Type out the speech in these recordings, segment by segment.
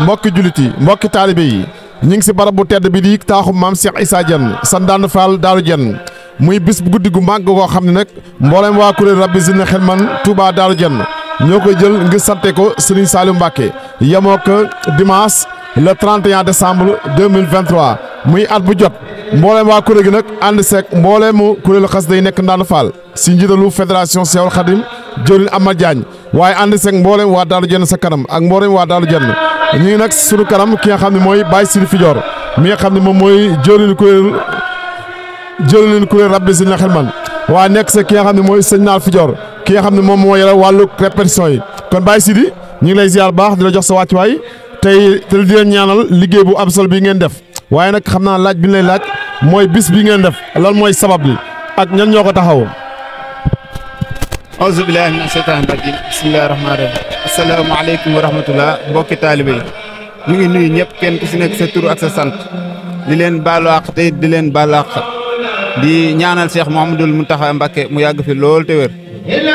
mbokki jullit yi mbokki taalibe yi ñu ngi si barab bu tedd bi di taaxu maam Cheikh Issa Diène Sandane Fall daalu jenn muy bis bu guddi gu màgg goo xam ne nag mboolem waa kuréel rabbi zina xelman Touba Daaru Diène ñoo koy jël ngir sante ko Serigne Saliou Mbacké yemoo ko dimanche le 31 décembre 2023 muy at bu jot mbooleem waa kuréel gi nag ànd seek mbooleemu kuréelu xas day nekk Ndane Fall si njiitalu fédération Cheikhoul Khadim am Amad Diagne waaye ànd seeg mboolem waa Daaru Jann sa kanam ak mboolem waa Daaru Jann ñu ngi nag sunu kanam ki nga xam ne mooy Baye Sidi Fidior mi nga xam ne moom mooy jëriñu kuréel jëriñu kuréel rabbi si na xel man waaye nekk se ki nga xam ne mooy sëñ Naar Fidior ki nga xam ne moom moo yore wàllu répétition yi kon Baye Sidi ñi ngi lay ziar baax di la jox sa wàccuwaay tey te di leen ñaanal liggéey bu am solo bi ngeen def waaye nag xam naa laaj bi ñu laaj mooy bis bi ngeen def lan mooy sabab li ak ñan ñoo ko taxaw auzu billahi mina seytaani rajim bismillahi rahmaani rahim asalaamaaleykum wa rahmatullah mbokki taalibe yi ñu ngi nuyu ñëpp kenn ku si nekk sa tur ak sa sant di leen baalu àq di leen baalu àq di ñaanal Cheikh mu Mountakha Mbacké mu yàgg fi lool te wér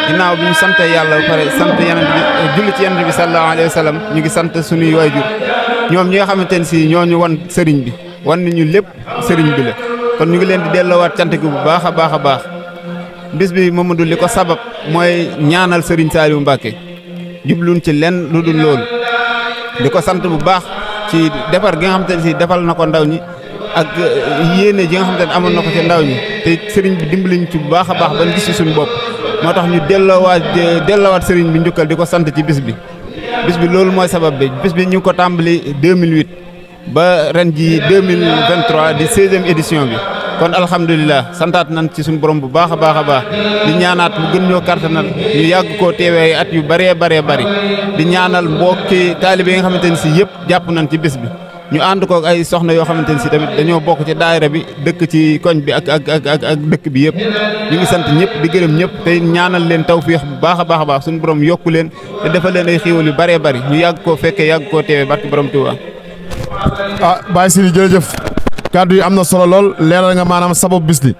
ginnaaw bi ñu sant yàlla ba pare sant yeneen bi julli ci yeneen bi sallallahu alayhi wa ñu ngi sant suñuy waajur ñoom ñi nga xamante ne si ñoo ñu wan sëriñ bi wan ñu lépp sëriñ bi la kon ñu ngi leen di delloowaat cant bu baax a baax a baax bis bi Mamadou li ko sabab mooy ñaanal Serigne Saliou Mbacke jubluñ ci lenn lu dul loolu di ko sant bu baax ci defar gi nga xamante ne si defal na ko ndaw ñi ak uh, yéene ji nga xamante ne amoon na ko ci ndaw ñi te Serigne bi dimbaliñ ci bu baax a baax ban gis ci suñu bopp moo tax ñu delloowaat delloowaat Serigne bi njukkal di ko sant ci bis bi. bis bi loolu mooy sabab bi bis bi ñu ngi ko tàmbali 2008 ba ren ji 2023 di 16e bi. kon alhamdulilah santaat nañ ci suñu borom bu baax a baax a baax di ñaanaat mu gën ñoo kartanal ñu yàgg koo teewee at yu baree baree bari di ñaanal mbokki taalibe yi nga xamante ne si yëpp jàpp nañ ci bis bi ñu ànd ko ay soxna yoo xamante ne si tamit dañoo bokk ci daayira bi dëkk ci koñ bi ak ak ak ak dëkk bi yëpp ñu ngi sant ñëpp di gërëm ñëpp te ñaanal leen tawféex bu baax a baax a baax suñu borom yokku leen te defal leen ay xéewal yu bëree bëri yàgg koo fekkee yàgg koo teewee barki borom Tuubaa ah kàddu yi am na solo lool leeral nga maanaam sabab bis bi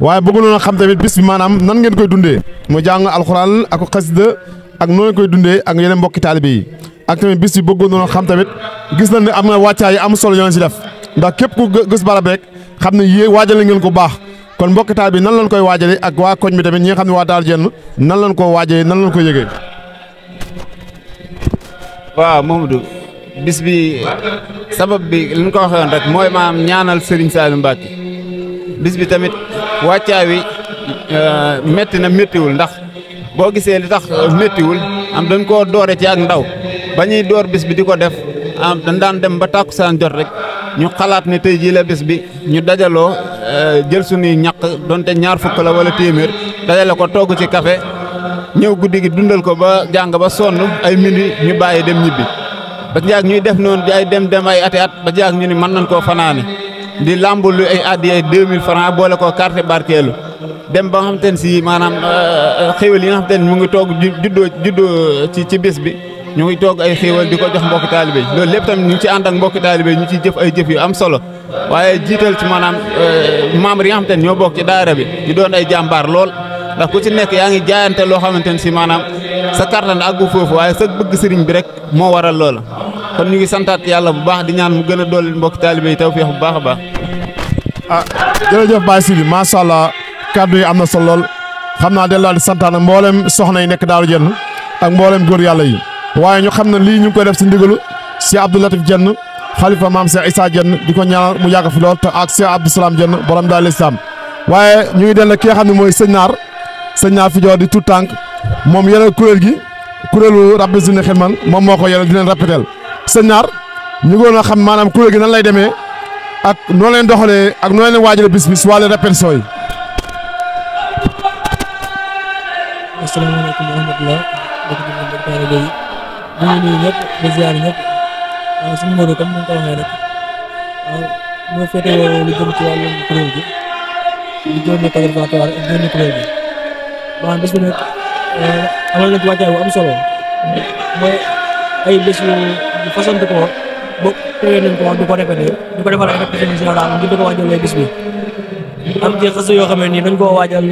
waaye bëgg noon xam tamit bis bi maanaam nan ngeen koy dundee mu jàng alxuraan ak xasida ak noonu koy dundee ak yeneen mbokki taalibe yi ak tamit bis bi bëggoon noon xam tamit gis nañ ne am na wàccaay yi am solo yoon ci def ndax képp ku gis barab rek xam ne yéen waajale ngeen ko baax kon mbokki taalibe nan lañ koy waajale ak waa koñ bi tamit ñi nga xam ne waa Daaru Jenn nan lañ ko waajalee nan lañ ko yëgee. bi sabab bi li ñu ko waxee woon rek mooy maam ñaanal Serigne Saliou Mbacke bis bi tamit wàccaa wi euh, métti na méttiwul ndax boo gisee li tax euh, méttiwul am dañ koo doore ci ak ndaw ba ñuy door bis bi di ko def am dañ daan dem ba tàkkusaan jot rek ñu xalaat ne tey jii la bis bi ñu dajaloo euh, jël suñuy ñaq donte ñaar fukk la wala téeméer dajale ko togg ci kafe ñëw guddi gi dundal ko ba jàng ba sonn ay mindi ñu bàyyi dem ñibbi. ba jaag ñuy def noonu di ay dem dem ay ati at ba jaag ñu ni mën nañ koo fanaane di làmbul lu ay addi ay 2000 francs boole koo carte barkeelu dem ba nga xam te si maanaam euh, euh, xéwal yi nga xam te ne mu ngi toog juddoo juddoo ci ci bis bi ñu ngi toog ay xéwal di ko jox mbokki taalibe yi loolu lépp tamit ñu ngi ci ànd ak mbokki taalibe ñu ci jëf ay jëf yu am solo waaye jiital ci maanaam euh, membre yi nga xam te ñoo bokk ci daara bi ñu doon ay jàmbaar lool da ku ci nek yaangi ngi jaayante loo xamante ne si maanaam sa kartan àggu foofu waaye sa bëgg sëriñ bi rek mo waral lool kon ñu ngi santat yalla bu baax di ñaan mu gëna a mbokk talibey taalibe bu baax a baax ah jërëjëf Baye Sidi sha allah kàddu yi amna solo lool soxna yi nek daaru jenn ak goor yalla yi waye ñu xamna li ñu def si ndigalu ci Abdou Latif jenn khalifa maam Cheikh isa jenn diko ñaanal mu yag fi lool te ak Cheikh Abdou Salam jenn borom daal islam waye ñuy ki xamni moy seigneur sëñ naa fi joor di tout tànk moom yeneen kuréel gi kuréelu rabbi zine xilman moom moo ko yeneen di leen rappiteel sëñ naar ñu ngoon a xam maanaam kuréel gi nan lay demee ak noo leen doxalee ak noo leen waajale bis bi si wàllu répétition yi. asalaamaaleykum wa leen léegi ñu waxaan bés bu nekk amal nañ ci wàccaay solo mooy ay bés yu yu fasante ko bokk téye nañ ko wax du ko répété du ko defal ay répétition général ngir di ko waajalee bés am ci xas yoo xam ne nii dañ koo ngir ak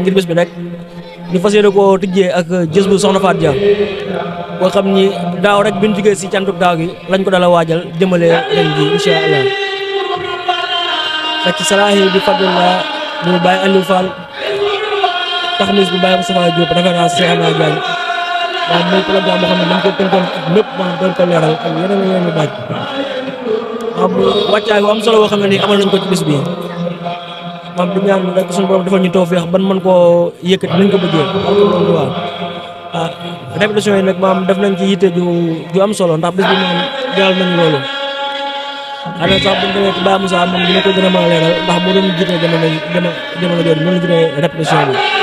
bu ni rek si cantuk daaw gi lañ ko dala waajal jëmale ren ji incha allah fekk taxalis bu Baye Moustapha Diop référence Cheikh Ibrahima Diagne waaw muy programme boo xam ne dañ ko tënkoon ak lépp ma doon ko leeral ak yeneen yeneen yu bàcc am wàccaay bu am solo boo xam ne nii amal nañ ko ci bis bi maam di ñaan rek suñu borom defal ñu tawfeex ban mën koo yëkkati nañ ko bëggee waaw ah répétition yi nag maam def nañ ci yitte ju ju am solo ndax bis bi moom jaal nañ loolu ana sax bu ñu demee ci Baye Moussa moom dina ko gën a mën a leeral ndax mu doon jiite jamono jamono jooju mën na jiite répétition bi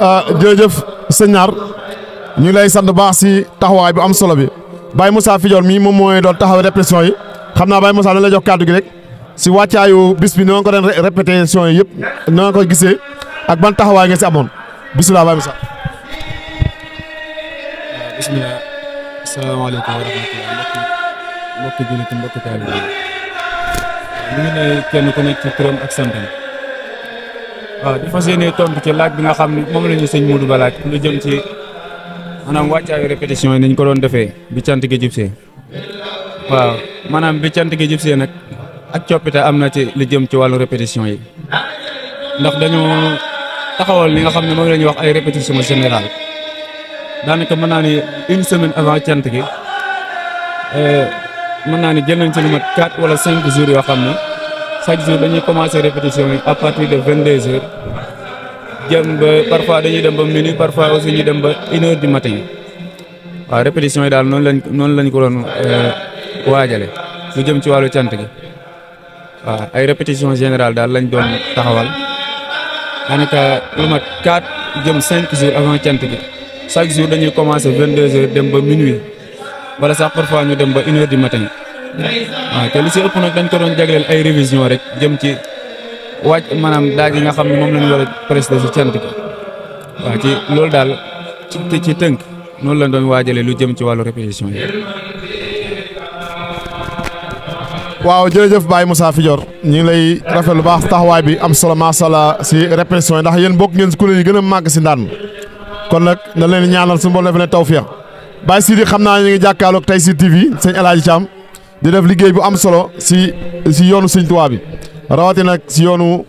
Ah, jërëjëf sëñ Naar ñu lay sant baax si taxawaay bu am solo bi Baye Moussa Fidior mii moom mooy doon taxaw répétition yi xam naa Baye Moussa na la jox kàddu gi rek si wàccaayu bis bi noo ko doon répétition yi yëpp noo ko gisee ak ban taxawaay nga si amoon bisimilah Baye Moussa. Ah, waaw ngi ne kenn ku nekk ci turam waaw di fas yéene tontu ci laaj bi nga xam ne moom la ñu sëñ Modou Ba laaj lu jëm ci maanaam wàccaayu répétition yi ni ko doon defee bi cant gi jub see waaw maanaam bi cant gi jub see nag ak coppite am na ci lu jëm ci wàllu répétition yi ndax dañu taxawal li nga xam ne moom la ñuy wax ay répétition générale daanaka mën naa ni une semaine avant cant gi euh, mën naa ni jël nañ ci lu mat 4 wala cinq jours yoo xam ne. chaque jour dañuy commencer répétition yi à partir de vingt deux heures jëm ba parfois dañuy dem ba minuit parfois aussi ñu dem ba une heure matin waaw répétition yi daal noonu lañ noonu lañ ko doonu euh, waajale lu jëm ci wàllu cant gi waaw ay répétition générale daal lañ doon taxawal daanaka lu mat quatre jëm cinq jours avant cant gi chaque jour dañuy commencer vingt de heures dem ba minuit wala sax parfois ñu dem ba une heure du matin waaw ah, te li si ëpp nag dañ ko doon jagleel ay révision rek jëm ci wàcc maanaam daaj yi nga xam ne moom lañ war a prester si cant gi waaw ci loolu daal ci tënk noonu lañ doon waajalee lu jëm ci wàllu répétition yi. waaw jërëjëf Baye Moussa Fidior ñu ngi lay rafetlu baax taxawaay bi am solo macha allah si répétition yi ndax yéen bokk ngeen si yi gën a màgg si ndaan kon nag na leen ñaanal suñu mbooloo leen tawfeex Baye Sidi xam naa ñu ngi jàkkaarloog tey di def liggéey bu am solo si si yoonu Sëñ Tuubaa bi rawati nag si yoonu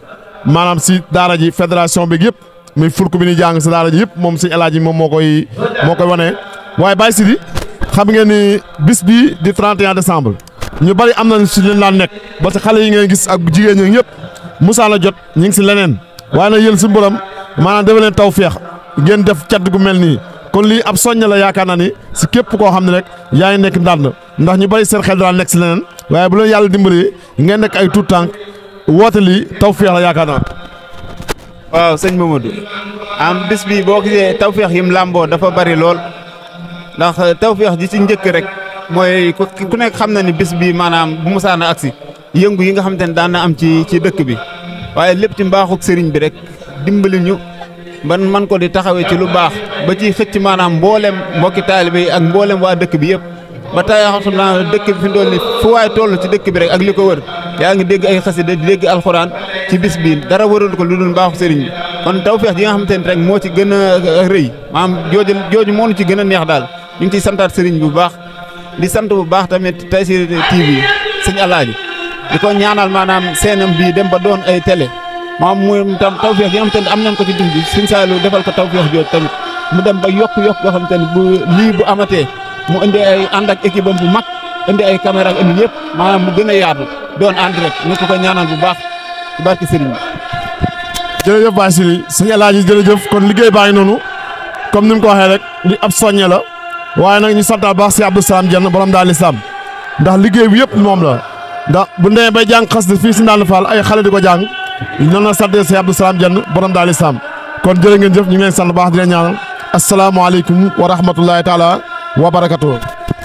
maanaam si daara ji fédération bi yëpp muy fulku bi ni jàng si daara ji yëpp moom Sëñ Alaaji moom moo koy moo koy wane waaye Baye Sidi xam ngeen ni bis bi di 31 décembre ñu bari am nañ si leen daan nekk parce que xale yi ngay gis ak jigéen ñi ñëpp musaa la jot ñu ngi si leneen waaye nag yéen suñu borom maanaam dafa leen taw feex ngeen def cadd gu mel nii kon lii ab soññ la yaakaar naa ni si képp koo xam ne rek yaa ngi nekk ndànd ndax ñu bari seen xel daal nekk si leneen waaye bu leen yàlla dimbalee ngeen nekk ay tuut tànk woote lii tawféex la yaakaar naa. waaw sëñ Mamadou am bis bi boo gisee tawféex yim lamboo dafa bari lool ndax tawféex ji ci njëkk rek mooy ku nekk xam na ni bis bii maanaam bu musaan a agsi yëngu yi nga xam te ne daan am ci ci dëkk bi waaye lépp ci mbaaxuk sëriñ bi rek dimbali ñu. ban man ko di taxawee ci lu baax ba ci xëcc maanaam mboolem mbokki taalibe yi ak mboolem waa dëkk bi yëpp ba tey xam naa dëkk bi fi mu toll nii fu waay toll ci dëkk bi rek ak li ko wër yaa ngi dégg ay xasida di dégg alxuraan ci bis bi dara wëral ko lu dul mbaaxu sëriñ bi kon tawfeex yi nga xamante ne rek moo ci gën a euh, rëy maanaam jooju jooju moo ci gën a neex daal ñu ngi ciy santaat sëriñ bu baax di sant bu baax tamit si Tayssir TV sëñ Alaaji di ko ñaanal maanaam seenam bii dem ba doon ay télé maam mu tam tawfiq yi am tan am nañ ko ci dund sëñ Saliou defal ko tawfiq jot tamit mu dem ba yokk yokk go xam tan bu li bu amaté mu indi ay and ak équipe bu mag indi ay caméra ak indi yépp manam mu gëna yaatu doon and rek ñu ko ñaanal bu baax ci barki sëriñ jërëjëf Basili sëñ Alaaji jërëjëf kon liggéey baa ngi noonu comme ni mu ko waxee rek li ab soññe la waaye nag ñu santaat baax si Abdou Salam Dieng borom daal lislaam ndax liggéey bi yëpp moom la ndax bu ndee bay jàng xas de fii si Ndane Fall ay xale di ko jàng noonu la sàddee si Abdou Salam Dieng borom daal islam kon jërë ngeen jëf ñu ngi leen sant baax di leen ñaanal asalaamaaleykum wa rahmatullahi taala wa barakatuh